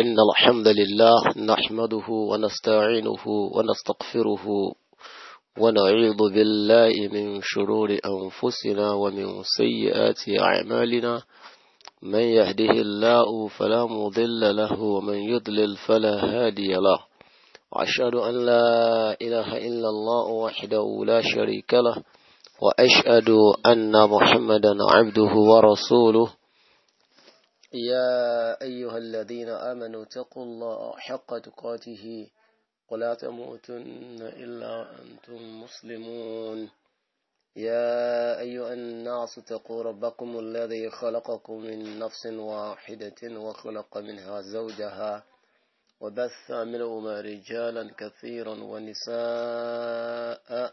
إن الحمد لله نحمده ونستعينه ونستغفره ونعيذ بالله من شرور أنفسنا ومن سيئات أعمالنا من يهده الله فلا مضل له ومن يضلل فلا هادي له وأشهد أن لا إله إلا الله وحده لا شريك له وأشهد أن محمدا عبده ورسوله يا أيها الذين آمنوا اتقوا الله حق تقاته ولا تموتن إلا أنتم مسلمون يا أيها الناس اتقوا ربكم الذي خلقكم من نفس واحدة وخلق منها زوجها وبث منهما رجالا كثيرا ونساء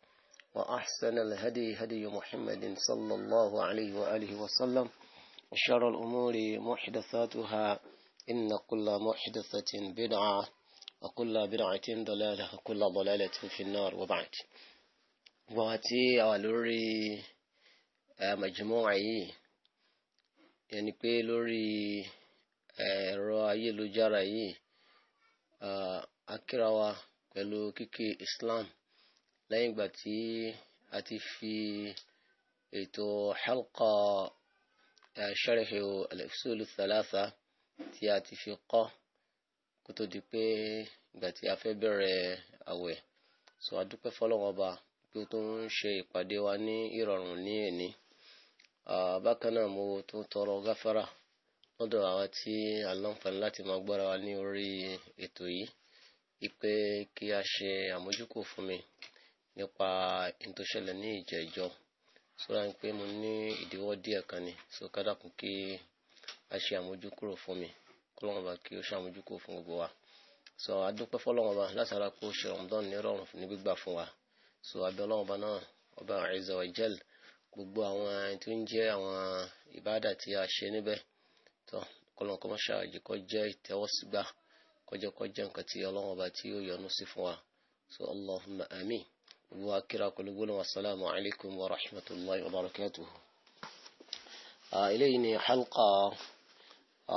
وأحسن الهدي هدي محمد صلى الله عليه وآله وسلم وشر الأمور محدثاتها إن كل محدثة بدعة وكل بدعة ضلالة وكل ضلالة في النار وبعد واتي ألوري آه، مجموعي يعني كي لوري آه، رأي لجرأي أكروا آه، pẹ̀lú كيكي إسلام lẹ́yìn ìgbà tí a ti fi ètò halqa sharhi al-usul thalatha tí a ti fi kọ́ kó tó di pé ìgbà tí a fẹ́ bẹ̀rẹ̀ àwẹ̀ so adúpẹ́ fọlọ́wọ́n ọba pé ó tún ń ṣe ìpàdé wa ní ìrọ̀rùn ní èní bákan náà mo tún tọrọ gáfárà lọ́dọ̀ àwa tí a láǹfààní láti máa gbọ́ra wa ní orí ètò yìí ipe kí a ṣe àmójúkò fún mi nípa n tó ṣẹlẹ̀ ní ìjẹ́jọ́ sọ́ra ń pé mo ní ìdíwọ́ díẹ̀ kan ni so kádàkùn kí a ṣe àmójúkúrò fún mi kọ́lọ́wọ́n bá kí ó ṣe àmójúkúrò fún gbogbo wa so adúpẹ́ fọlọ́wọ́n bá látara pé ó ṣe Ramadan ní rọrùn ní gbígbà fún wa so abẹ́ ọlọ́wọ́n náà ọba Azza wa Jal gbogbo àwọn tí ó ń jẹ́ àwọn ìbáàdà tí a ṣe níbẹ̀ tó kọ́lọ́wọ́n kọ́ máa ṣàjẹkọ́ jẹ́ ìtẹ́wọ́sígbà kọjá nǹkan tí ọlọ́wọ́n tí ó yọ́nú sí fún wa so Allahumma amin wa kíra pẹ̀lú gbólóhùn wasalaamu alaykum wa rahmatulahi wa barakatuhu. Ah, eléyìí ni halqa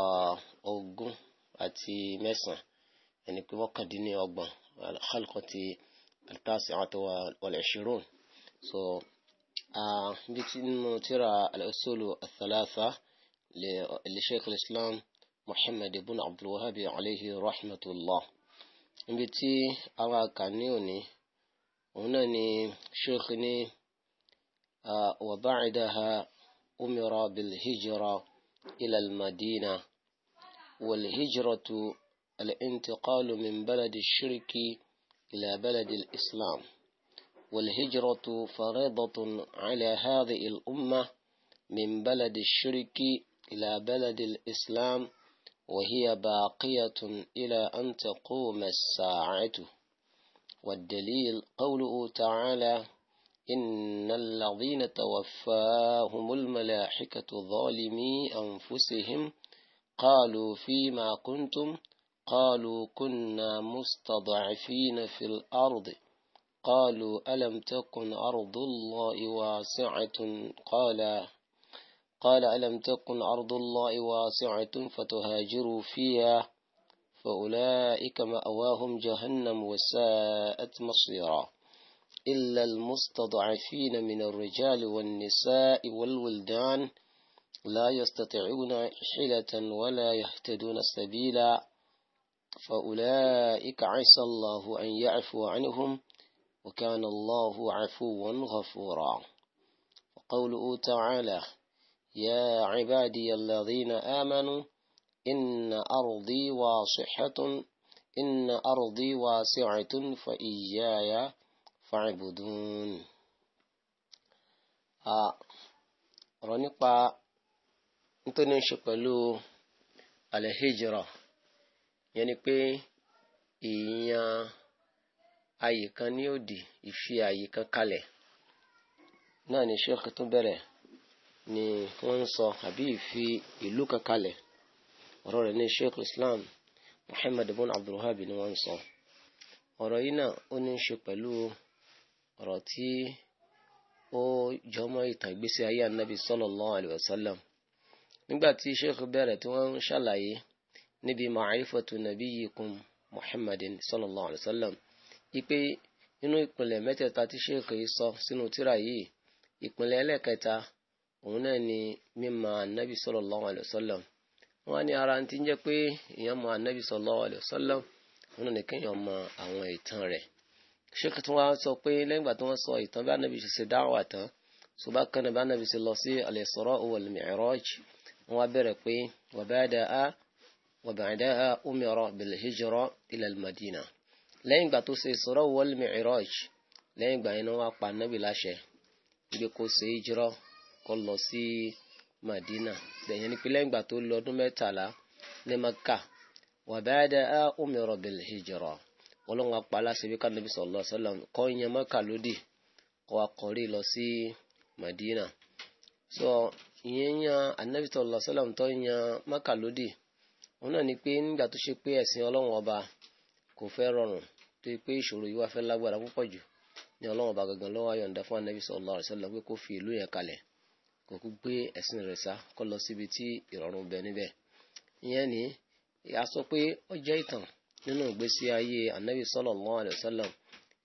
ah, ogún àti mẹ́sàn-án ẹni pé ti al-tasi'ata so ah, bí tí mo tíra al-usulu al-thalatha li sheikh al-islam muhammad ibn abdulwahabi alayhi rahmatullah níbi tí àwa kà هنا شيخ آه، وبعدها أمر بالهجرة إلى المدينة والهجرة الانتقال من بلد الشرك إلى بلد الإسلام والهجرة فريضة على هذه الأمة من بلد الشرك إلى بلد الإسلام وهي باقية إلى أن تقوم الساعة والدليل قوله تعالى إن الذين توفاهم الملائكة ظالمي أنفسهم قالوا فيما كنتم قالوا كنا مستضعفين في الأرض قالوا ألم تكن أرض الله واسعة قال قال ألم تكن أرض الله واسعة فتهاجروا فيها فأولئك مأواهم جهنم وساءت مصيرا إلا المستضعفين من الرجال والنساء والولدان لا يستطيعون حيلة ولا يهتدون سبيلا فأولئك عسى الله أن يعفو عنهم وكان الله عفوا غفورا وقوله تعالى يا عبادي الذين آمنوا إن أرضي واسعة إن أرضي واسعة فإياي فاعبدون ọ̀rọ̀ nípa nítorí ṣe pẹ̀lú alẹ́hìjìrà yẹn ni pé èèyàn àyè kan ní òdì ìfi àyè kan kalẹ̀ náà ni sheikh tún bẹ̀rẹ̀ ni wọ́n ń sọ àbí ìfi ìlú kan kalẹ̀ ọ̀rọ̀ rẹ̀ ní sheikh islam muhammad ibn abdulwahab ni wọ́n ń sọ ọ̀rọ̀ yìí náà ó ní í ṣe pẹ̀lú ọ̀rọ̀ tí ó jọmọ́ ìtàn ìgbésí ayé anabi sallallahu alayhi wa sallam nígbà tí sheikh bẹ̀rẹ̀ tí wọ́n ń ṣàlàyé níbi ma'rifatu nabiyyikum muhammadin sallallahu alayhi wa sallam ipe nínú ìpìlẹ̀ mẹ́tẹ̀ẹ̀ta tí sheikh yìí sọ sínú tírà yìí ìpìlẹ̀ ẹlẹ́kẹta òun náà ni mímọ̀ anabi sallallahu alayhi wa sallam wọ́n ní ara ti ń jẹ́ pé èèyàn mọ anabi sallallahu alaihi wasallam wọn ní kéèyàn mọ àwọn ìtàn rẹ̀ sheikh tí wọ́n sọ pé lẹ́yìn ìgbà tí wọ́n sọ ìtàn bí anabi ṣe ṣe dáwà tán ṣùgbọ́n kan bí anabi ṣe lọ sí al-Isra wal Mi'raj wọ́n wá bẹ̀rẹ̀ pé wabada'a wabada'a umira bil hijra ila al-Madina lẹ́yìn ìgbà tó ṣe Isra wal Mi'raj lẹ́yìn ìgbà yẹn wọ́n pa anabi láṣẹ ibi kò ṣe hijra kó lọ sí. Si madina tẹ̀yẹn ni pé lẹ́yìn ìgbà tó lọ ọdún mẹ́tàlá ní maka wa ba'da umira bil hijra ọlọ́run apá aláṣẹ bí kánàbí sallallahu alaihi wasallam kọ́ ìyẹn maka lódì kọ́ akọ̀rí lọ sí madina so ìyẹn yan anabi sallallahu alaihi wasallam tó yan maka lódì òun náà ni pé nígbà tó ṣe pé ẹ̀sìn ọlọ́run ọba kò fẹ́ rọrùn tó yẹ pé ìṣòro yìí wá fẹ́ lágbára púpọ̀ jù ní ọlọ́run ọba gangan ló wá fún anabi sallallahu alaihi pé kó fi ìlú yẹn kalẹ̀ kò kú gbé ẹ̀sìn rẹ̀ sá kọ́ lọ síbi tí ìrọ̀rùn bẹ níbẹ̀ ìyẹn ni a sọ pé ó jẹ́ ìtàn nínú ìgbésí ayé anabi sallallahu alaihi wasallam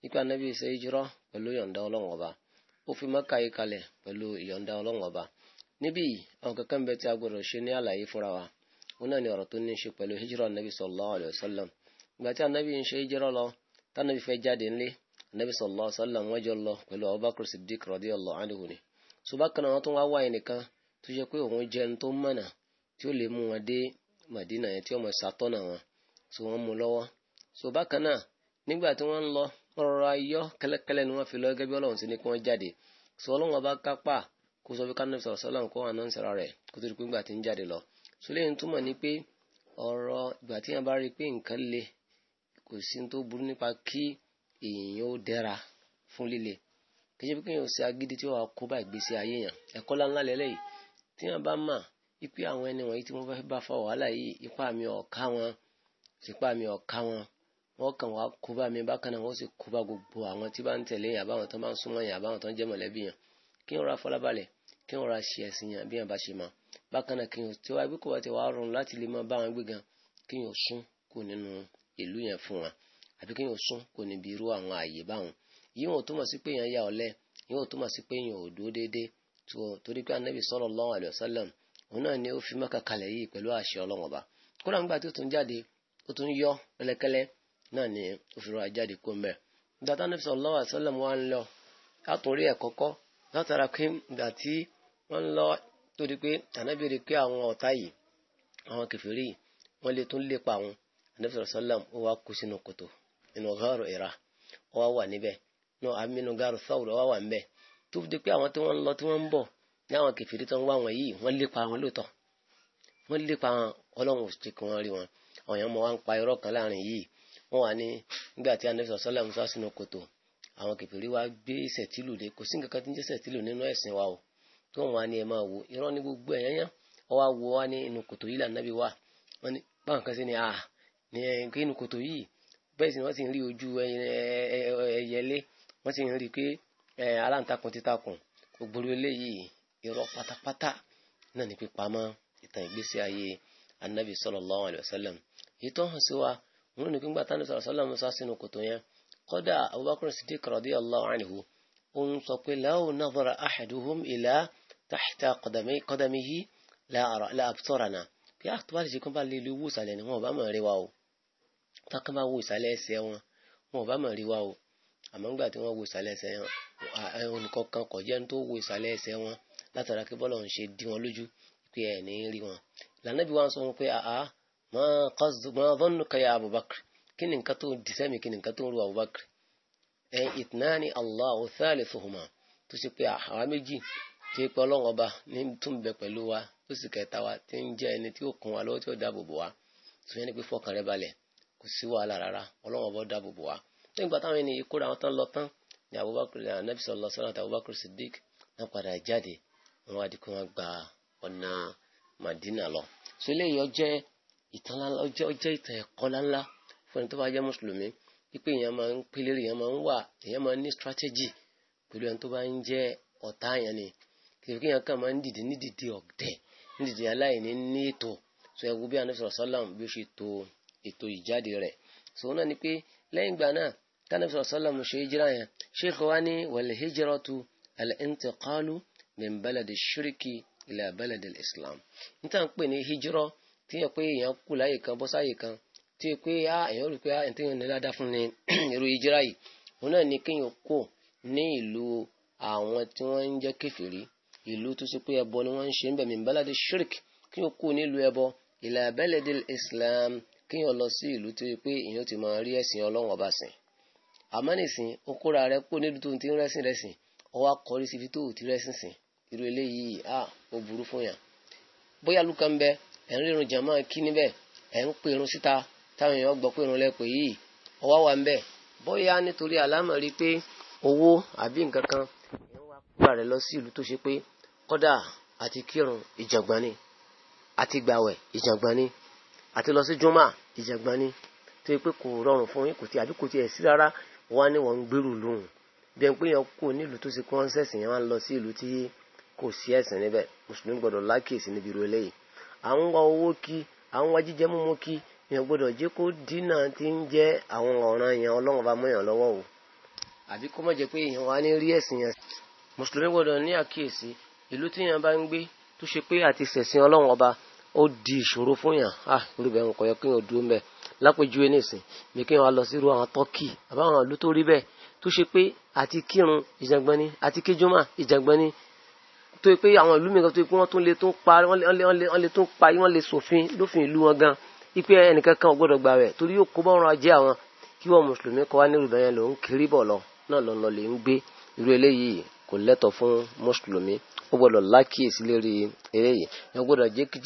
nípa anabi ṣe hijira pẹ̀lú ìyọ̀ǹda ọlọ́run ọba ó fi Mẹ́kà yìí kalẹ̀ pẹ̀lú ìyọ̀ǹda ọlọ́run ọba níbí àwọn kankan bẹ tí a gbọdọ̀ ṣe ní àlàyé fúnra wa wọn náà ni ọ̀rọ̀ tó ní í ṣe pẹ̀lú hijira anabi sallallahu alaihi wasallam ìgbà tí anabi ń ṣe hijira lọ tánàbí fẹ́ jáde ńlé anabi sallallahu alaihi wọ́n jọ lọ pẹ̀lú Abubakar Siddiq radiyallahu anhu ni so bákan náà wọ́n tún wá wá ẹnìkan tó ṣe pé òun jẹ́ ẹni tó mọ̀nà tí ó lè mú wọn dé Madina yẹn tí ó mọ̀ ṣàtọ́nà wọn so wọ́n mú lọ́wọ́ so bákan náà nígbà tí wọ́n ń lọ wọ́n rọra yọ ni wọ́n fi lọ gẹ́gẹ́ bí Ọlọ́run ti ní kí wọ́n jáde so Ọlọ́run ọba kápá kó sọ pé ká nàbẹ sọ̀rọ̀ sọlọrun kó wà náà ń sọ̀rọ̀ rẹ̀ kó tó pé ìgbà tí ń jáde lọ so lẹ́yìn túmọ̀ ni pé ọ̀rọ̀ ìgbà tí yẹn bá rí i pé nǹkan le kò sí tó burú nípa kí èèyàn ó dẹ́ra fún líle kì í ṣe pé kéèyàn ṣe agídí tí wàá kó bá ìgbésí ayé yàn ẹ̀kọ́ láńlá lẹ́lẹ́ yìí tí wọ́n bá mà ipe àwọn ẹni wọ̀nyí tí wọ́n fẹ́ bá fa wàhálà yìí ipá mi ọ̀ka wọn sípà mi ọ̀ka wọn wọ́n kàn wá kó bá mi bákan náà wọ́n sì kó bá gbogbo àwọn tí bá ń tẹ̀lé yàn àbáwọn tó bá ń súnmọ́ yàn àbáwọn tó ń jẹ́ mọ̀lẹ́bí yàn kí wọ́n ra fọlábalẹ̀ kí wọ́n ra ṣe ẹ̀sìn yàn bí yàn bá ṣe mọ́ bákan náà kí wọ́n tí wọ́n agbẹ́kọ̀ọ́ ti wá rọrùn láti lè máa bá gbé gan kí wọ́n sún kò nínú ìlú yẹn fún wọn àbí kí wọ́n sún kò níbi irú àwọn ààyè báwọn yíwọ̀n ò túmọ̀ sí pé èèyàn ya ọ̀lẹ yíwọ̀n ò túmọ̀ sí pé èèyàn ò dúró déédéé tó torí pé anabi sallallahu alaihi wasallam òun náà ni ó fi Mẹ́kà kalẹ̀ yìí pẹ̀lú àṣẹ Ọlọ́run Ọba kódà nígbà tó tún jáde ó tún yọ pẹ̀lẹ́kẹ́lẹ́ náà ni ó fi rọra jáde kó mẹ nígbà tí anabi sallallahu alaihi wasallam wa ń lọ látòrí ẹ kọ́kọ́ látara pé nígbà tí wọn lọ torí pé anabi rí pé àwọn ọ̀tá yìí àwọn kẹfìrí yìí wọn lè tún lépa àwọn anabi sallallahu alaihi wasallam ó wá kó sínú kòtò nínú ọgọrùn ìra ó wá wà níbẹ̀ náà aminu garu sawul wá wà ń bẹ tó fi di pé àwọn tí wọ́n ń lọ tí wọ́n ń bọ̀ ní àwọn kẹfìrí tó ń wá wọn yìí wọ́n lépa wọn lóòótọ́ wọ́n lépa wọn ọlọ́run ò sì kí wọ́n rí wọn àwọn mọ wá pa irọ́ kan láàrin yìí wọ́n wà ní nígbà tí anabi sọ̀sọ́lá musa sínú kòtò àwọn kẹfìrí wa gbé ìṣẹ̀tìlù lé kò sí nǹkan kan tí ń jẹ́ ìṣẹ̀tìlù nínú ẹ̀sìn wa o tí wọ́n wà ní ẹ máa wò irọ́ ní gbogbo ẹ̀yán yán wọ́n wá wo wá ní inú kòtò yìí lànàbí wa wọ́n ní báwọn kan sí ni ah ní inú kòtò yìí bẹ́ẹ̀ sì ni wọ́n sì rí ojú ẹyẹlé wọ́n sì ń rí i pé aláǹtakùn títakùn ògbóró eléyìí irọ́ pátápátá náà ní pípamọ́ ìtàn ìgbésí ayé anabi sallallahu alayhi wa sallam èyí tó hàn sí wa wọn ní pínpín àtàlẹ́ sọ̀rọ̀ sọ́lá musa sínú kòtò yẹn kódà abubakar siddiq radiyallahu anhu ó ń sọ pé law nadhara ahaduhum ila tahta qadamihi la absarana bí a ah, tó bá lè ṣe kán bá lè lu owó ìsàlẹ̀ ni wọn ò bá mọ̀ rí wa o tákàn àmọ́ ńgbà tí wọ́n wo ìsàlẹ̀ ẹsẹ̀ wọn nìkankan kò jẹ́ ní tó wo ìsàlẹ̀ ẹsẹ̀ wọn látara kí bọ́lọ̀ ń ṣe dí wọn lójú pé ẹ̀ ní rí wọn. lànàbí wa ń sọ wọn pé àá máa dọ́nù kaya Abubakar kí ni nǹkan tó ń dì sẹ́mi kí ni nǹkan tó ń ru Abubakar. ẹ ìtìnáàni Allahu thalithuhuma tó ṣe pé àwa méjì tí pé Ọlọ́run ní tún bẹ pẹ̀lú wa tó sì kẹta wa tí ń jẹ́ ẹni tí ó kún wa lọ́wọ́ tí ó dáàbò bò wa tó yẹn ni pé fọkàn rẹ balẹ̀ kò sí wàhálà rárá Ọlọ́run dáàbò bò wa nígbà táwọn ènìyàn kóra wọn tán lọ tán ní Abubakar anabi eh, sọlọ sọlọ àti Abubakar Siddiq náà padà jáde wọn wá di kí wọn gba ọ̀nà Madina lọ so eléyìí ọjẹ́ ìtàn ńláńlá ọjẹ́ ìtàn ẹ̀kọ́ ńláńlá fún ẹni tó bá jẹ́ mùsùlùmí wípé èèyàn máa ń pélére èèyàn máa ń wà èèyàn máa ń ní strategy pẹ̀lú ẹni tó bá ń jẹ́ ọ̀tá yẹn ni kìrìkì yẹn kàn máa ń dìde ní dìde ọ̀dẹ̀ ní dìde aláìní ní ètò so ẹ wo bí anabi sọlọ sọlọ bí ó ṣe to ètò ìjáde rẹ̀ so náà ni pé lẹ́yìn ìgbà náà tánàbí sọ̀sọ́lá mo ṣe hijira yẹn sheikh wa ní wal hijratu al-intiqalu min baladi shiriki ila baladi islam níta ń pè ní hijira tí yẹn pé èèyàn kú láyè kan bọ́ sáyè kan tí yẹn pé èèyàn rò pé ẹni tí yẹn nílá dá fún ni irú hijira yìí òun náà ní kéèyàn kó ní ìlú àwọn tí wọ́n ń jẹ́ kèfèrí ìlú tó ṣe ni wọ́n ń ṣe ń bẹ̀ min baladi shiriki kéèyàn kú nílùú ẹbọ ila baladi islam kéèyàn lọ sí ìlú tó yẹ pé ti máa rí ẹ̀sìn ọlọ́run ọba sìn àmọ́ nìsín ó kóra rẹ kó nílùú tó ń ti ń rẹ́sìn rẹ́sìn ó wá kọrí síbi tó ò ti rẹ́sìn sìn irú eléyìí a ó burú fún yàn bóyá lùkà ń bẹ ẹ̀ ń rírun jàmá kí níbẹ̀ ẹ̀ ń pè síta táwọn èèyàn gbọ́ pé lẹ́pẹ́ yìí ọwọ́ wà ń bẹ bóyá nítorí àlámọ̀ rí pé owó àbí nǹkan kan èèyàn wá kúrò rẹ̀ lọ sí ìlú tó ṣe pé kọ́dà àti kírun ìjàngbọ̀n ni àti gbàwẹ̀ ìjàngbọ̀n ni àti lọ sí júmà ìjàngbọ̀n ni tó yẹ pé kò rọrùn fún yín kò tí àbí kò tí ẹ̀ sí wa ni ní wọ́n ń gbèrú lóhùn bí ẹn pé yẹn kú nílùú tó ṣe kí wọ́n ṣẹ̀sìn yẹn wá lọ sí ìlú tí kò sí ẹ̀sìn níbẹ̀ mùsùlùmí gbọ́dọ̀ lákèsí níbi irú eléyìí àwọn wa owó kí àwọn wa jíjẹ mímú kí yẹn gbọ́dọ̀ jẹ́ kó dínà tí ń jẹ́ àwọn ọ̀ràn yẹn ọlọ́run bá mú yẹn lọ́wọ́ o àbí kó má lápèjúwe nísìn mi kí wọn lọ sí irú àwọn tọ́kì àbáwọn ìlú tó rí bẹ́ẹ̀ tó ṣe pé àti kírun ìjàngbọ́n ni àti kíjúmọ̀ ìjàngbọ́n ni tó yẹ pé àwọn ìlú mìíràn tó yẹ pé wọ́n tún lè tún pa wọ́n lè tún pa wọ́n lè ṣòfin lófin ìlú wọn gan ipe ẹnìkan kan ò gbọ́dọ̀ gbà rẹ̀ torí yóò kó bọ́ọ̀rọ̀ ajé àwọn kí wọ́n mùsùlùmí kọ́ wá ní ìrùbẹ̀ yẹn lòún kiri bọ̀ lọ náà lọ́nà lè ń gbé irú eléyìí kò lẹ́tọ̀ fún mùsùlùmí ó gbọ́dọ̀ lákìyèsí lérí eléyìí ẹ gbọ́dọ̀ jẹ́ kí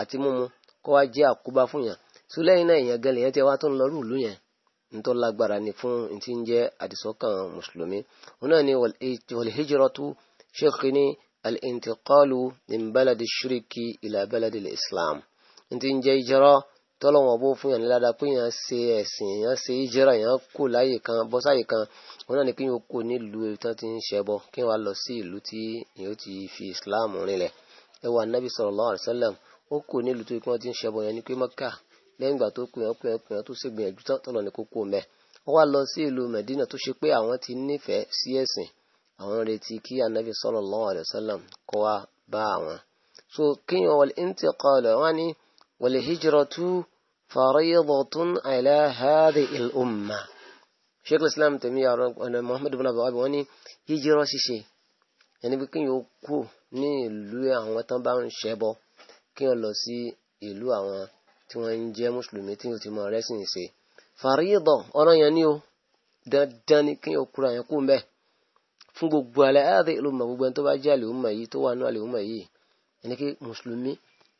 àti mímu kó wá jẹ́ àkóbá fún yàn tó lẹ́yìn náà èèyàn gẹ́lẹ̀ yẹn tí wá tó ń lọ rú ìlú yẹn ní tó lágbára ni fún ní ti ń jẹ́ àdìsọ́kàn mùsùlùmí òun náà ni wàlhíjìrọ́tù ṣèkì ní al-intiqalu min baladi shiriki ila islam ti ń jẹ́ ìjọ́rọ́ tọ́lọ́wọ́n bó fún yàn ní ládàá pé yàn ṣe ẹ̀sìn yàn ṣe ìjẹ́ra yàn kó láyè kan bọ́ sáyè kan òun náà ni kí yàn kó nílùú ibi tán ti ń ṣẹbọ kí yàn lọ sí ìlú tí yàn ti fi islam rinlẹ̀ ẹ wà nábì sallallahu alaihi lẹ́yìn ìgbà tó pè wọ́n pè wọ́n pè wọ́n tó ṣe gbìyànjú tọ́lọ̀ ní kókó mẹ́ wọ́n wá lọ sí ìlú Medina tó ṣe pé àwọn ti nífẹ̀ẹ́ sí ẹ̀sìn àwọn retí kí anabi sallallahu alaihi wasallam kó wá bá àwọn. so kíyàn wal intiqal wọn ni wal hijratu faridatun ala hadhihi al umma sheikh islam tẹ̀mí ọ̀nà muhammad bin abdul wahab wọn ni hijira ṣiṣe ẹni pé kíyàn ó kú ní ìlú àwọn tán bá ń ṣẹbọ kíyàn lọ sí ìlú àwọn tí wọ́n ń jẹ́ mùsùlùmí tí o ti mọ rẹ́sìn ṣe. fàríyìdọ̀ ọ̀rọ̀ yẹn ni o dandan ni kí o kura yẹn kú mbẹ́ fún gbogbo alẹ́ ẹ́ẹ́dẹ́ ìlú mọ̀ gbogbo ẹni tó bá jẹ́ àlèhùnmọ̀ yìí tó wà nínú àlèhùnmọ̀ yìí ẹni kí mùsùlùmí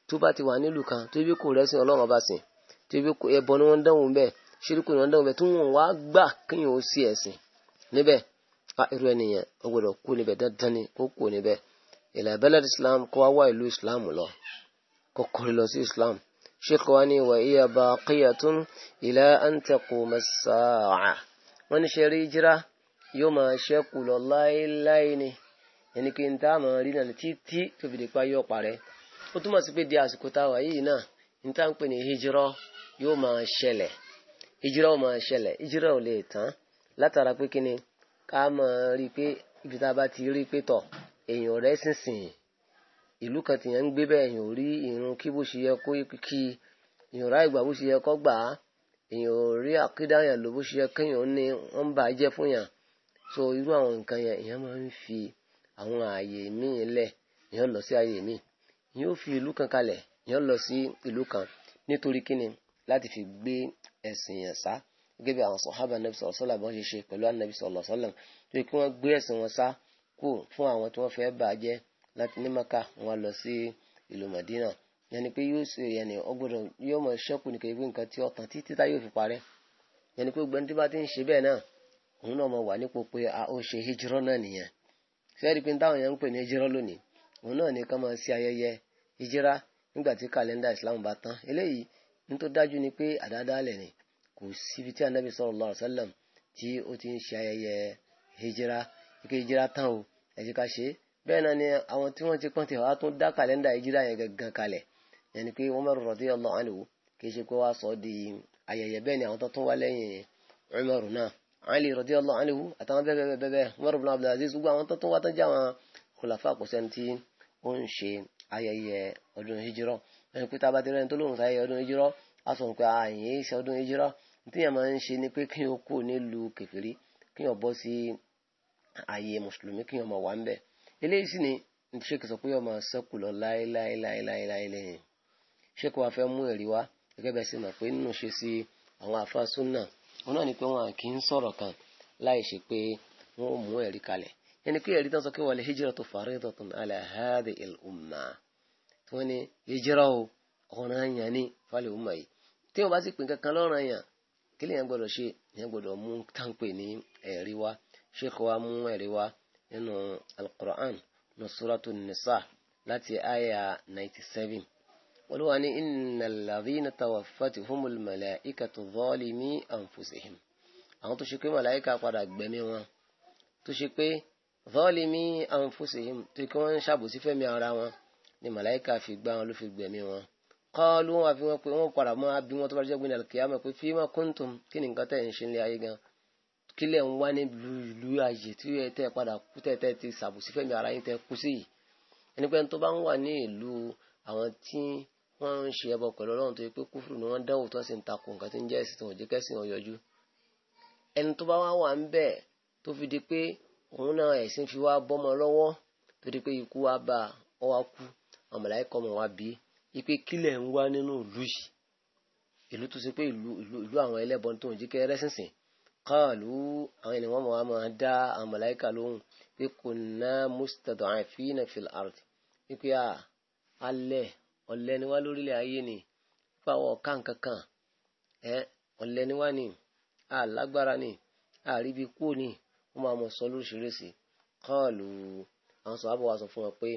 tó bá ti wà nílùú kan tó ibi kò rẹ́sìn ọlọ́run ọba sìn tó ibi ẹbọ ni wọ́n ń dánwò mbẹ́ ṣírìkù ni wọ́n ń dánwò mbẹ́ tó wọn wá gbà kéèyàn ó sí ẹ̀sìn níbẹ̀ a irú ẹnìyẹn ó gbọdọ̀ kú níbẹ̀ dandan ni kó kú níbẹ̀ ìlà ìbẹ́lẹ̀ islam kó wá wá ìlú islam lọ kó kọrin lọ sí islam sheikh wa ni wa iya baqiyatun ila an taquma as-sa'a wọ́n ní ṣe rí jíra yóò máa ṣẹ́kù lọ láéláé ni ẹni pé n tá a máa rí náà títí tó fi lè pa yọ parẹ́ ó túmọ̀ sí pé di àsìkò táwa yìí náà n tá à ń pè hijira yóò máa ṣẹlẹ̀ hijira ó máa ṣẹlẹ̀ hijira ò lè tán látara pé kíni ká máa rí i ibi tá a ti rí i pé èèyàn rẹ̀ sínsìn ìlú kan tìyàn ń gbé bẹ́ẹ̀ èèyàn ò rí irun kí bó ṣe yẹ kó kí èèyàn rà ìgbà bó ṣe yẹ kó gbà á èèyàn ò rí àkídá yẹn lò bó ṣe yẹ kéèyàn ní wọ́n ń bà á jẹ́ fún yàn so irú àwọn nǹkan yẹn èèyàn máa ń fi àwọn ààyè míì lẹ̀ èèyàn lọ sí ààyè míì èèyàn ó fi ìlú kan kalẹ̀ èèyàn lọ sí ìlú kan nítorí kíni láti fi gbé ẹ̀sìn yẹn sá gẹ́gẹ́ bí àwọn sọ̀hábà anabi sọ̀rọ̀ sọ́là bọ́n ṣe ṣe pẹ̀lú anabi sọ̀rọ̀ sọ́là tó yẹ kí wọ́n gbé ẹ̀sìn wọn sá kù fún àwọn tí wọ́n fẹ́ bà á jẹ́ latin ní maka wọn lọ sí ìlú Madina yẹni pé yóò ṣe yẹni ọgbọ́dọ̀ yóò mọ ṣẹ́kù nìkan ìwé nǹkan tí ọ̀tàn títí tá yóò fi parẹ́ yẹni pé gbẹ́ni bá ti ń ṣe bẹ́ẹ̀ náà òun náà mọ wà nípò pé a ó ṣe hijrọ́ náà nìyẹn fẹ́ẹ́rì pé táwọn yẹn ń pè ní hijrọ́ lónìí òun náà ní ká ayẹyẹ hijira nígbà tí kàlẹ́ndà Islam bá tán eléyìí ní tó dájú ni pé àdáadáalẹ̀ ni kò síbi tí anabi sọrọ tí ó ti ń ṣe ayẹyẹ hijira ike hijira tán o bẹ́ẹ̀ náà ni àwọn tí wọ́n ti pọ́n ti wá tún dá kàlẹ́ndà ìjírà yẹn gangan kalẹ̀ yẹn ni pé Umar radiyallahu anhu kì í ṣe pé wá sọ di ayẹyẹ bẹ́ẹ̀ ni àwọn tó tún wá lẹ́yìn Umar náà Ali radiyallahu anhu àtàwọn bẹ́ẹ̀ bẹ́ẹ̀ bẹ́ẹ̀ Umar ibn Abdul Aziz gbogbo àwọn tó tún wá tán jẹ́ àwọn khulafa kò sẹ́ni tí ó ń ṣe ayẹyẹ ọdún hijirọ́ ẹni pé tábà tẹ́lẹ̀ tó lóun sáyẹ ọdún hijirọ́ ah, ni pé kí n kú nílùú kèfèrí kí eléyìí sì ni sheik sọ pé ọmọ sẹ́kù lọ láéláéláéláé lẹ́yìn sheik wa fẹ́ mú ẹ̀rí wá gẹ́gẹ́ bẹ́ẹ̀ sì mọ̀ pé nínú ṣe sí àwọn àfáàsùn náà wọn náà ni pé wọn kì í sọ̀rọ̀ kan láì ṣe pé wọn ò mú ẹ̀rí kalẹ̀ ẹni pé ẹ̀rí tán sọ pé wal hijratu faridatun ala hadhihi al-umma tí wọ́n ní hijira o ọ̀ràn yàn ní fálẹ̀ umma yìí tí wọ́n bá sì pín kankan lọ́ràn yàn kí lèèyàn gbọ́dọ̀ ṣe èèyàn gbọ́dọ̀ mú táǹpẹ̀ ní ẹ̀rí wa ṣé kò wá mú ẹ̀rí wa nínú al-Qur'an ní suratu nisa láti àyà 97 wọ́n wà ní innal ladhina tawaffatuhumul malaikatu zalimi anfusihim àwọn tó ṣe pé màláìka padà gbẹ̀mí wọn tó ṣe pé zalimi anfusihim tó kí wọ́n ń ṣàbòsí fẹ́mi ara wọn ni màláìka fi gbá wọn ló fi gbẹ̀mí wọn kọ́ọ̀lù wọn àfi wọn pé wọn padà mọ́ abí wọn tó bá jẹ́ gbẹ̀mí al pé fima kuntum kí ni nǹkan tẹ̀ ń ṣe ń lé ayé gan kílẹ̀ ń wá nílùú ìlú ayé tí ẹ tẹ́ padà kú tẹ́tẹ́ ti ṣàbùsí fẹ́mi ara yín tẹ́ kú sí yìí ẹni pé tó bá ń wà ní ìlú àwọn tí wọ́n ń ṣe ẹbọ pẹ̀lú ọlọ́run tó yẹ pé kúfùrù ni wọ́n dánwò tó sì ń takò nǹkan tí ń jẹ́ ẹ̀sìn tó ń jẹ́ kẹ́sìn ọ̀yọ́jú ẹni tó bá wá wà ń bẹ̀ tó fi di pé òun náà ẹ̀sìn fi wá bọ́mọ lọ́wọ́ tó di pé ikú wá bá ọ wá kú ọmọláyé kọ́ ọmọ wa bí ipe kílẹ̀ ń wá nínú ìlú yìí ìlú tó ṣe pé ìlú àwọn ẹlẹ́bọn tó ń jí kẹ́rẹ́sìnsìn قالوا أين وما ما دا ملائكة لهم كنا مستضعفين في الأرض يقول يا الله الله نوالو لي أيني فهو كان كان الله نواني alágbára ni àríbi kú ni wọn máa mọ sọ lóríṣiríṣi qalu àwọn sọ àbọwà sọ fún wọn pé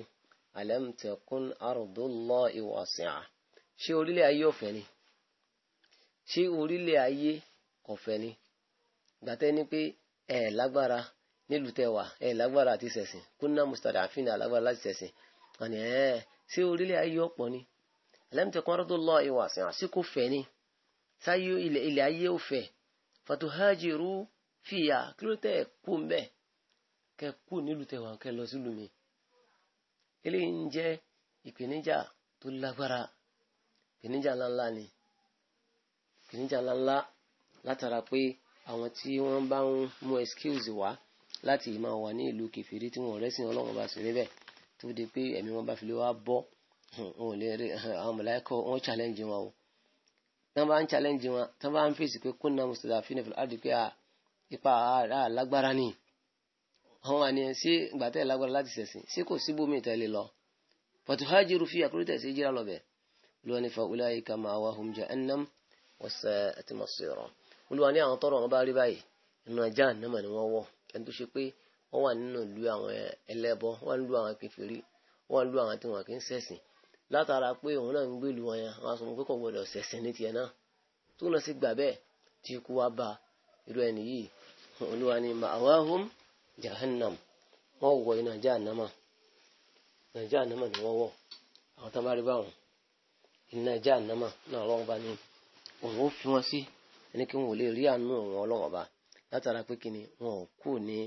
alam takun ardullahi wasi'a ṣé orílẹ̀ ayé ọ̀fẹ́ ni ṣé orílẹ̀ ayé ọ̀fẹ́ ni gbàtẹ́ ni pé ẹ̀ lágbára nílùú tẹwà ẹ̀ lágbára àti ṣẹ̀sìn kúnná mustapha àfin alágbára láti ṣẹ̀sìn wọn ni ẹ̀ ṣé orílẹ̀ ayé ọ̀pọ̀ ni ẹlẹ́mìtẹ̀kùn ọ̀rọ̀ tó lọ ìwà àṣẹ àṣẹ kò fẹ́ ni sáyé ilẹ̀ ayé ò fẹ́ fatuhajiru fìyà kí ló tẹ̀ kú mbẹ́ kẹ́ kú nílùú tẹwà kẹ́ lọ sílùú mi eléyìí ń jẹ́ ìpèníjà tó lágbára ni ìpèníjà ńláńlá látara pé àwọn tí wọ́n bá ń mú excuse wá láti máa wà ní ìlú kẹfìrí tí wọn ò rẹ́sìn ọlọ́run bá ṣe rébẹ̀ tó di pé ẹ̀mí wọn bá fi lè wá bọ́ wọn ò lè rí àwọn mọ̀láìkọ́ wọn challenge wọn o tán bá ń challenge wọn tán bá ń fèsì pé kúnna mustadafina fil ardi pé ipa lágbára ni àwọn àníyàn sí gbàtẹ́ lágbára láti ṣẹ̀sìn sí kò síbòmí ìtẹ́lẹ̀ lọ fatuhajiru fi àkúrẹ́tẹ̀ sí jíra lọ́bẹ̀ lónìí fa ulaika ma'wahum jahannam wa sa'at masira olúwa ní àwọn tọrọ wọn bá rí báyìí inú ajá ànámà ni wọ́n wọ̀ ẹni tó ṣe pé wọ́n wà nínú ìlú àwọn ẹlẹ́bọ wọ́n ń lu àwọn kèfèrí wọ́n ń lu àwọn tí wọn kì í ṣẹ̀sìn látara pé òun náà ń gbé ìlú wọn yẹn wọ́n sọ pé kò gbọdọ̀ ṣẹ̀sìn ní tiẹ̀ náà tó náà sì gbà bẹ́ẹ̀ tí ikú wá bá irú ẹni yìí olúwa ní ma'awahum jahannam wọ́n wọ iná ajá ànámà iná ajá ànámà ni wọ́n wọ̀ àwọn tábàrí báwọn iná ajá náà lọ́wọ́ bá ní ẹni kí wọn ò lè rí àánú òun ọlọ́run ọba látara pé kí ni wọn ò kú ní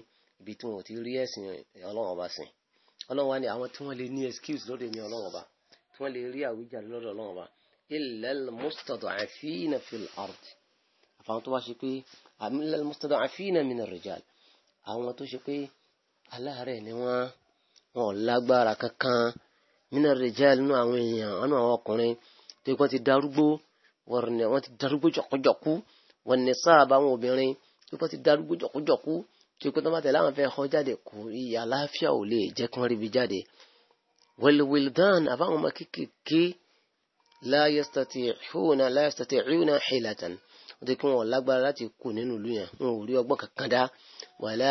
ibi tí wọn ò ti rí ẹ̀sìn ọlọ́run ọba sìn ọlọ́run wa ni àwọn tí wọ́n lè ní excuse lóde ní ọlọ́run ọba tí wọ́n lè rí àwíjàre lọ́dọ̀ ọlọ́run ọba illal mustad'afina fil ard àfàwọn tó wá ṣe pé illal mustad'afina minar rijal àwọn tó ṣe pé aláàárẹ̀ ni wọ́n wọn lágbára kankan minar rijal nínú àwọn èèyàn wọ́n ti darúgbó jọ̀kújọ̀kú wọ́n ní sáàbà àwọn obìnrin tí wọ́n ti darúgbó jọ̀kújọ̀kú tí wọ́n bá tẹ̀lé àwọn fẹ́ họ jáde kò rí àlàáfíà ò lè jẹ́ kí wọ́n ríbi jáde. wẹ̀lwẹ̀ldan àbáwọn ọmọ kéékèèké la yastati'una la yastati'una hilatan wọ́n ti kí wọ́n lágbára láti kú nínú ìlú yẹn wọn ò rí ọgbọ́n kankan dá wala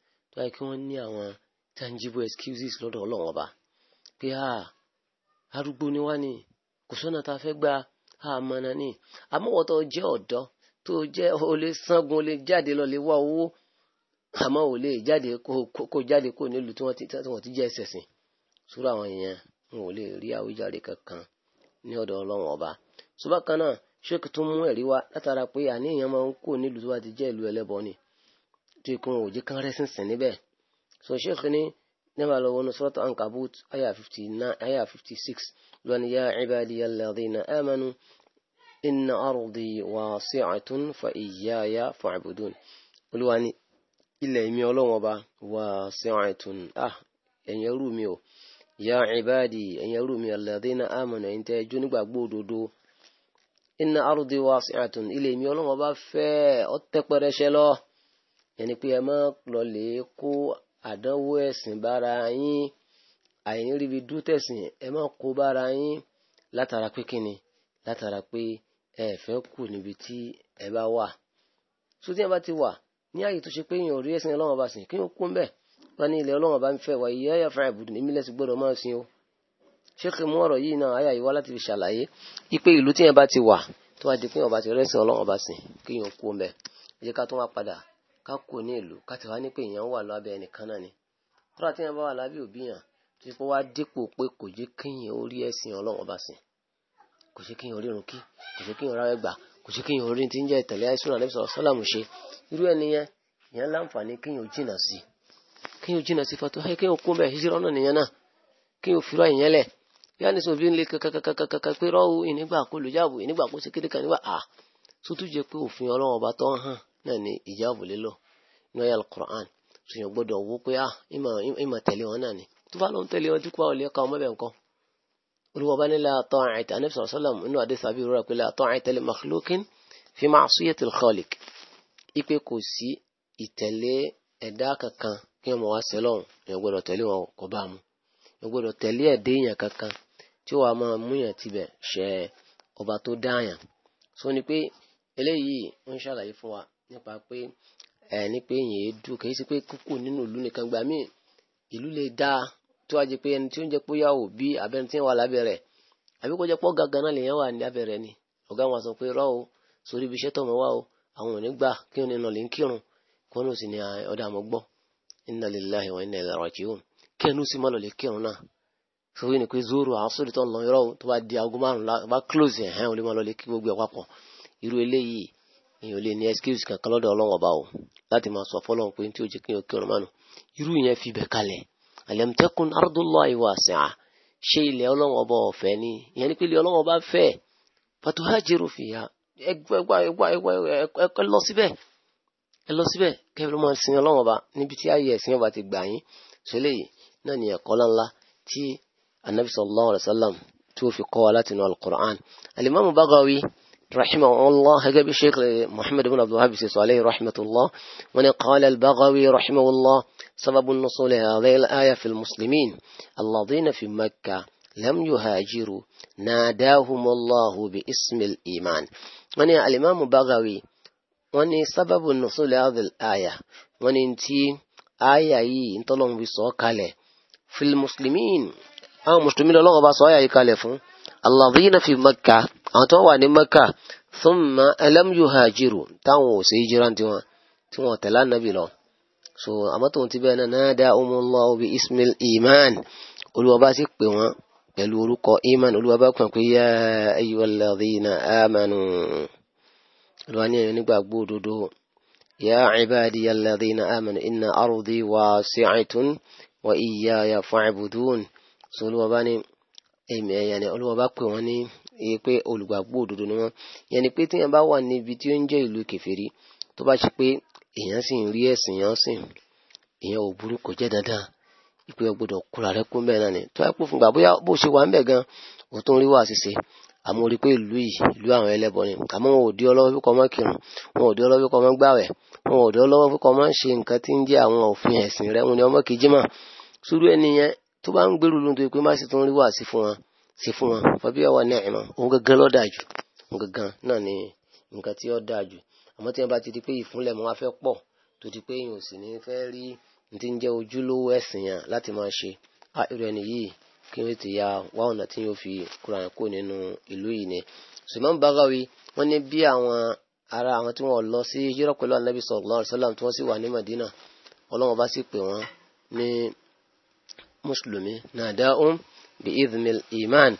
tó yẹ kí wọ́n ní àwọn tangible excuses lọ́dọ̀ ọlọ́run ọba pé a arúgbó ni wá ni kò sọ́nà tá a fẹ́ gba àmọ́nà ni àmọ́wọ́tọ́ jẹ́ ọ̀dọ́ tó jẹ́ o lè sangun o lè jáde lọ lè wá owó àmọ́ ò lè jáde kó jáde kó nílùú tí wọ́n ti jẹ́ ẹsẹ̀ sìn sórí àwọn èèyàn wọn ò lè rí àwíjàre kankan ní ọ̀dọ̀ ọlọ́run ọba ṣùgbọ́n kan náà ṣé kí tó mú ẹ̀rí wá látara pé àníyàn máa ń kó nílùú tó bá ti jẹ́ ìlú ẹlẹ́bọ ni tí kún òjì kan rẹ̀ sínsìn níbẹ̀ so sheikh ni nígbà lọ wọnú surat ankabut aya fifty nine aya fifty six lọ́ni ya ibadiya alladhina amanu inna ardi wasi'atun fa iyaya fa'budun olúwa ni ilẹ̀ mi ọlọ́wọ́n ọba wasi'atun ah ẹ̀yin ẹrú mi o ya ibadi ẹ̀yin ẹrú mi alladhina amanu ẹ̀yin tẹ́ jó nígbàgbọ́ òdodo inna ardi wasi'atun ilẹ̀ mi ọlọ́wọ́n fẹ́ ó tẹ́ pẹrẹsẹ lọ yẹni pé ẹ má lọ lè kó àdánwò ẹ̀sìn bára yín àìní ríbi dútẹ̀sìn ẹ má kó bára yín látara pé kíni látara pé ẹ fẹ́ kù níbi tí ẹ bá wà so tí ẹ bá ti wà ní ààyè tó ṣe pé èèyàn ò rí ẹ̀sìn Ọlọ́run bá sìn kí n kú mbẹ́ wọn ní ilẹ̀ Ọlọ́run bá ń fẹ́ wà ìyá ẹ̀yà fúnra ìbùdó èmi lẹ́sìn gbọ́dọ̀ máa sin o ṣéèkì mú ọ̀rọ̀ yìí náà àyà ìwá láti fi ṣàlàyé ipe ìlú tí ẹ bá ti wà tó wá di pé ọba ti rẹ́sìn Ọlọ́run bá sìn kí n kú mbẹ́ ẹ jẹ́ ká tún wá padà ká kò ní ìlú ká ti wá ní pé èèyàn wà lábẹ́ ẹnìkan náà ni tọ́lá tí èèyàn bá wà lábẹ́ òbí yàn tó ti pọ́ wá dípò pé kò jẹ́ kéèyàn ó rí ẹ̀sìn ọlọ́run ọba sìn kò jẹ́ kéèyàn ó rírun kí kò jẹ́ kéèyàn ráwẹ́ gbà kò jẹ́ kéèyàn ó ti ń jẹ́ ìtẹ̀lé àìsàn àlẹ́ sọ̀rọ̀ sálàmù ṣe irú ẹni yẹn èèyàn láǹfààní kéèyàn ó jìnà sí kéèyàn ó jìnà sí fatu ayé kéèyàn kó bẹ́ẹ̀ ṣíṣe rọ́nà nìyẹn fira ìyẹn lẹ̀ bí wọ́n ní sọ bí ń le kankankankan pé rọ́ọ̀ ìnígbà kó lójáàbò ìnígbà kó ṣe kéde kan nígbà à sótú jẹ pé náà ni ìjáàbù lílò ní ọ̀yà alukur'an sèyàn gbọ́dọ̀ wó pé ah ìmọ̀ tẹ̀lé wọn náà ni tó bá lóun tẹ̀lé wọn dúpọ̀ ọ̀lẹ́ ka ọmọ bẹ́ẹ̀ nǹkan olùwọ́ bá ní la ta'ata anabi sallallahu alaihi wasallam inú adé sábì rúra pé la ta'ata li makhluqin fi ma'siyatil khaliq ipe kò sí ìtẹ̀lé ẹ̀dá kankan kí wọ́n wá sí lọ́hùn èèyàn gbọ́dọ̀ tẹ̀lé wọn kò bá mu èèyàn gbọ́dọ̀ tẹ̀lé ẹ̀dá èèyàn kankan tí wàá máa múyàn tibẹ̀ ṣẹ ọba tó dáàyàn sọ ni pé eléyìí ń ṣàlàyé fún wa nípa pé ẹ ní pé èyàn èédú kì í ṣe pé kúkú nínú ìlú nìkan gbà míì ìlú lè dá tó wá jẹ pé ẹni tí ó ń jẹ pé yà ò bí abẹni tí ń wà lábẹ́ rẹ̀ àbí kó jẹ pọ gangan náà lèyàn wà ní abẹ́ ni ọ̀gá wọn sọ pé rọ o sórí ibi iṣẹ́ tó mọ wá o àwọn ò ní gbà kí wọn nínú lè ń kírun kí wọn sì ní ọdà àmọ gbọ inna lillahi wa inna ilaihi raji'un kí ẹnu sì má lọ lè kírun náà sórí ni pé zoro àásòrìtọ̀ lọ tó bá di aago márùn-ún bá close ẹ̀ hẹ́n olè má lọ lè kí gbogbo ẹ̀ papọ̀ irú eléyìí èèyàn ò lè ní excuse kankan lọ́dọ̀ ọlọ́run ọba o láti máa sọ fọlọ́run pé tí ó jẹ́ kí o kí ọ̀rọ̀ mánu irú ìyẹn fi bẹ̀ kalẹ̀ alam takun ardullahi wasi'a ṣé ilẹ̀ ọlọ́run ọba ọ̀fẹ́ ni ìyẹn ni pé ilẹ̀ ọlọ́run ọba fẹ́ fatuhajiru fiha ẹgbẹ́ ẹgbẹ́ ẹgbẹ́ ẹgbẹ́ ẹ lọ síbẹ̀ ẹ lọ síbẹ̀ kẹ́mi ló máa sin níbi tí ayé ẹ̀sìn ọba ti gbà رحمه الله هذا بشيخ محمد بن عبد الوهاب السيس عليه رحمة الله قال البغوي رحمه الله سبب النصول هذه الآية في المسلمين الذين في مكة لم يهاجروا ناداهم الله باسم الإيمان وإن الإمام البغوي وإن سبب النصول هذه الآية وإن انت آية يي انتلهم بسوء في المسلمين أو مسلمين الله بسوء يكالفون alladhina fi mẹ́kà àwọn tó wà ní mẹ́kà thumma alam yuhajiru táwọn ò sí hijira tí tí wọn tẹ̀lé ànábì lọ. so àmọ́ tóun ti bẹ́ẹ̀ náà nadahumullahu bi ismil iman olúwa bá ti pè wọ́n pẹ̀lú orúkọ iman olúwa bá pè pé ya ayyuhalladhina amanu olúwa ní ẹ̀yọ́ nígbàgbọ́ òdodo ya ibadiyalladhina amanu inna ardi wasi'atun wa iyaya fa'budun so olúwa bá ẹ̀mí ẹ̀yà ni Olúwa bá pè wọ́n ní iye pé olùgbàgbọ́ òdodo ni wọ́n yẹn ni pé téèyàn bá wà níbi tí ó ń jẹ́ ìlú kèfèrí tó bá ṣe pé èèyàn sì ń rí ẹ̀sìn yẹn sìn èèyàn ò burú kò jẹ́ dandan ìpè ọgbọ́dọ̀ kóra rẹ kún bẹ́ẹ̀ náà ni tó yẹ kó fún gbà bóyá bó ṣe wà ń bẹ̀ gan ò tó ń rí wà ṣiṣẹ́ àmọ́ orí pé ìlú yìí ìlú àwọn ẹlẹ́bọ ni àmọ́ wọn ò dí ọlọ́wọ́ pé kọ́ kírun wọn ò dí ọlọ́wọ́ pé kọ́ mọ́ wọn ò dí ọlọ́wọ́ pé kọ́ ṣe nǹkan tí ń jẹ́ àwọn òfin ẹ̀sìn rẹ wọn ni ọmọ kejì mọ̀ sùúrù ẹnìyẹn tó bá ń gbèrú lóhun tó yẹ pé má sì tún rí wàásí fún wọn sí fún wọn fàbíyà wà ní àìmọ òun gangan ló dáa jù òun gangan náà ni nǹkan tí ó dáa jù àmọ́ tí wọn bá ti di pé ìfúnlẹ̀ mọ́ wá fẹ́ pọ̀ tó di pé èèyàn ò sì ní fẹ́ rí ní ti ń jẹ́ ojúlówó ẹ̀sìn yàn láti máa ṣe á irú ẹni yìí kí wọ́n ti ya wá ọ̀nà tí yóò fi kúrò àwọn kó nínú ìlú yìí ni Suman Bagawi wọ́n ní bí àwọn ará àwọn tí wọ́n lọ sí yúrọ̀ pẹ̀lú anabi sallallahu alaihi wasallam tí wọ́n sì wà ní Madina ọlọ́wọ́n bá sì pè wọ́n ní mùsùlùmí nada'um bi idhnil iman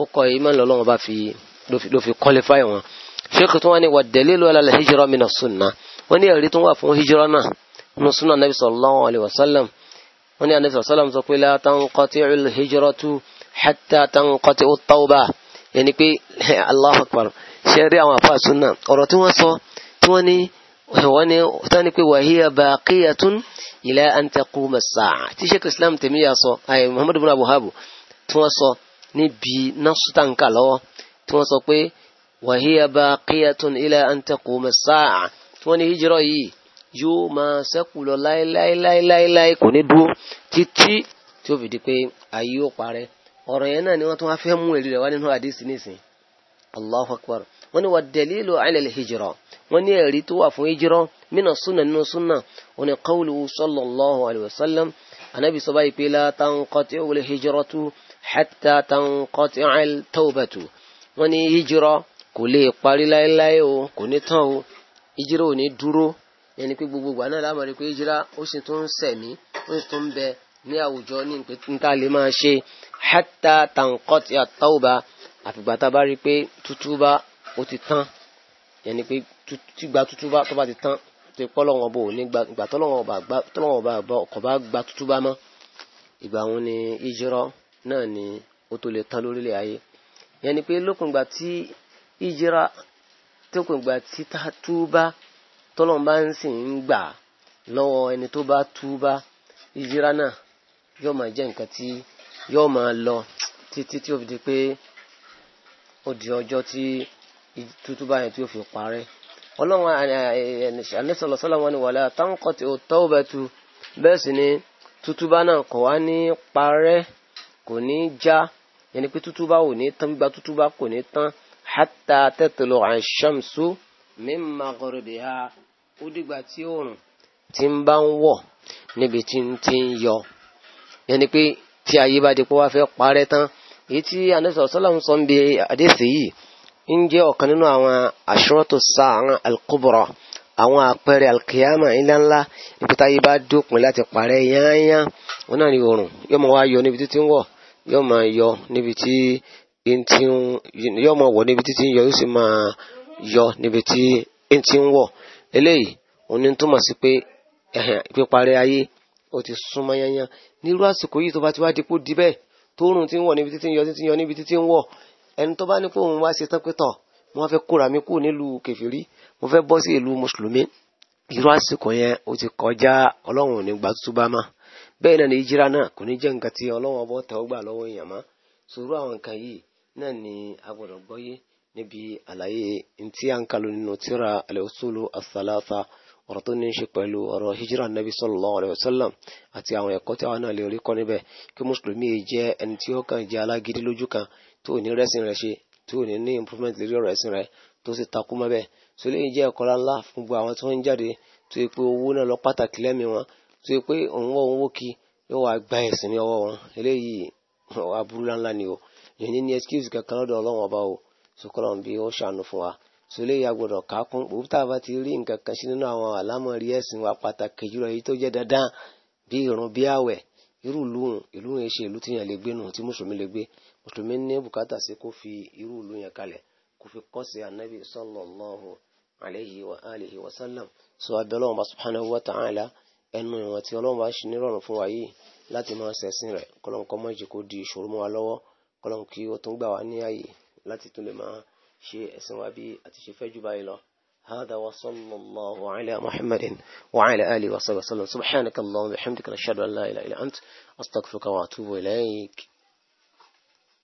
ó kọ iman lọ́lọ́wọ́ bá fi ló fi qualify wọn. sheikh tó wá ní wa dalilu ala al-hijra min as-sunnah wọ́n ní ẹ̀rí tó wà fún hijra náà nínú sunna nabi sallallahu alayhi wa sallam wọ́n ní anabi sallallahu alayhi wa sallam sọ pé la tanqati'u al-hijratu hatta tanqati'u at-tawba yẹn pé Allahu akbar ṣe àwọn àfa sunna ọ̀rọ̀ tí wọ́n sọ tí wọ́n ní wọ́n ní tani pé wàhíyà baqiyatun ila an taquma as-sa'a tí sheikh islam tèmíyà sọ ayé muhammadu bin abuhabu tí wọ́n sọ níbi nasutanka lọ́wọ́ tí wọ́n sọ pé wàhíyà baqiyatun ila an taquma as-sa'a tí wọ́n ní hijira yìí yóò máa ṣẹ́kù lọ láéláéláéláé kò ní dúró títí tí ó fi di pé ayé ó parẹ́ ọ̀rọ̀ ni wọ́n tún wá fẹ́ mú èrè rẹ̀ wá nínú àdìsí allahu akbar wọ́n ní wà dalilu ala al-hijra wọ́n ní ẹ̀rí tó wà fún hijra mina sunna nínú sunna wọ́n ní qawlu sallallahu alayhi wa sallam anabi sọ báyìí pé la tanqati al-hijratu hatta tanqati al-tawbatu wọ́n ní hijra kò lè parí láéláé o kò ní tán o hijra ò ní dúró yẹn ni pé gbogbo ìgbà náà lámọ̀ pé hijra ó sì tún sẹ̀mí ó sì tún bẹ ní àwùjọ ní níta lè máa ṣe hatta tanqati at-tawba àfìgbà bá rí pé tútúbá ó ti tán yẹn ni pé tígba tuntun bá tó bá ti tán tó ti pọ́lọ́wọ́n bò ní ìgbà tọ́lọ́wọ́n bá ọkọ̀ bá gba tuntun bá mọ́ ìgbà wọn ni ìjírọ́ náà ni ó tó lè tán lórílẹ̀ ayé yẹn ni pé lókun ìgbà tí ìjírọ́ tókun ìgbà tí túbá tọ́lọ́wọ́n bá ń sìn ń gbà lọ́wọ́ ẹni tó bá túbá ìjírọ́ náà yóò máa jẹ́ nǹkan tí yóò máa lọ títí tí ó fi di pé ó di ọjọ́ tí tútú báyẹn tí ó fi parẹ́ ọlọ́run àníṣàlẹ́sọ̀lọ́ sọ́lá wọn ni wàlẹ́ àtàǹkọ́ tí ó tọ́ bẹ́ẹ̀ tu bẹ́ẹ̀ sì ni tútúbá náà kò wá ní parẹ́ kò ní já yẹni pé tútúbá ò ní tán gbígba tútúbá kò ní tán hatta tatlu ash-shamsu min maghribiha ó dìgbà tí oòrùn ti ń bá ń wọ̀ níbi tí ń ti ń yọ yẹni pé tí ayé bá di pé wá fẹ́ parẹ́ tán èyí tí àníṣàlẹ́sọ̀lọ́ sọ́lá sọ ń bi àdéhùn yìí ń jẹ́ ọ̀kan nínú àwọn ashratu sa'a al-kubra àwọn àpẹẹrẹ alkiyama ńláńlá ìpítayé bá dópin láti parẹ́ yányá wọn náà ní oòrùn yóò máa wá yọ níbi títí ń wọ̀ yóò máa yọ níbi tí yóò máa wọ̀ níbi títí ń yọ yóò sì máa yọ níbi tí ń ti ń wọ̀ eléyìí òun ni túmọ̀ sí pé píparẹ́ ayé ó ti súnmọ́ yányá nírú àsìkò yìí tó bá ti wá dípò díbẹ̀ tóòrùn ti ń wọ̀ níbi títí ń yọ títí ń yọ níbi títí ń wọ̀ ẹni tó bá ní kó òun wá ṣe tán pé tọ̀ mo fẹ́ kóra mi kúrò nílùú kẹfìrí mo fẹ́ bọ́ sí ìlú mùsùlùmí irú àsìkò yẹn ó ti kọjá ọlọ́run ò ní gbà túbá mọ́ bẹ́ẹ̀ náà ní ìjíra náà kò ní jẹ́ nǹkan tí ọlọ́run ọbọ̀ tẹ̀ ó gbà lọ́wọ́ èèyàn mọ́ sòrú àwọn nǹkan yìí náà ni a gbọ́dọ̀ gbọ́yé níbi àlàyé ntí à ń kalu nínú tíra al-usulu as-salasa ọ̀rọ̀ tó ní í ṣe pẹ̀lú ọ̀rọ̀ hijira nabi sallallahu alayhi wa sallam àti àwọn ẹ̀kọ́ tí àwọn náà lè rí kọ́ níbẹ̀ kí mùsùlùmí jẹ́ ẹni tí ó kàn jẹ́ alágídí lójú kan tó ò ní rẹ́sìn rẹ ṣe tó ò ní ní improvement lórí ọ̀rọ̀ ẹ̀sìn rẹ tó sì takú mọ́ bẹ́ẹ̀ so lè jẹ́ ẹ̀kọ́ ńlá fún gbogbo àwọn tí wọ́n ń jáde tó yẹ pé owó náà lọ pàtàkì lẹ́mìí wọn tó yẹ pé òun wọ́ òun wó kí yóò wá gba ẹ̀sìn ní ọwọ́ wọn eléyìí aburú ńlá ni o yẹn ní ní excuse kankan lọ́dọ̀ ọlọ́wọ́n ọba o so kọ́ lọ́n bí ó ṣàánú fún wa so lè ya gbọ́dọ̀ ká kún òbí tá a bá ti rí nǹkan kan sí nínú àwọn àlámọ̀rí ẹ̀sìn wa pàtàkì jùlọ èyí tó jẹ́ dandan bí ìrun bí àwẹ̀ irú ìlú ìlú yẹn ṣe ìlú tí yẹn lè gbé tí mùsùlùmí lè gbé mùsùlùmí ní bùkátà sí kó fi irú ìlú yẹn kalẹ̀ kó fi kọ́sí anabi sallallahu alayhi wa alihi wa sallam sọ abẹ́lẹ́ wọn bá subhanahu wa ta'ala ẹnu ìwọ̀n tí ọlọ́run bá ṣe nírọ̀rùn fún wa yìí láti máa ṣẹ̀sìn rẹ̀ kọ́lọ́nkọ́ mọ́ ìjì kó di ìṣòro mọ́ wa lọ́wọ́ kọ́lọ́n kí ó tún gbà wá ní àyè láti tún lè máa ṣe ẹ̀sìn wa bí àti ṣe fẹ́ jù báyìí lọ. هذا وصلى الله على محمد وعلى آله وصحبه وسلم سبحانك اللهم وبحمدك نشهد أن لا إله إلا أنت أستغفرك وأتوب إليك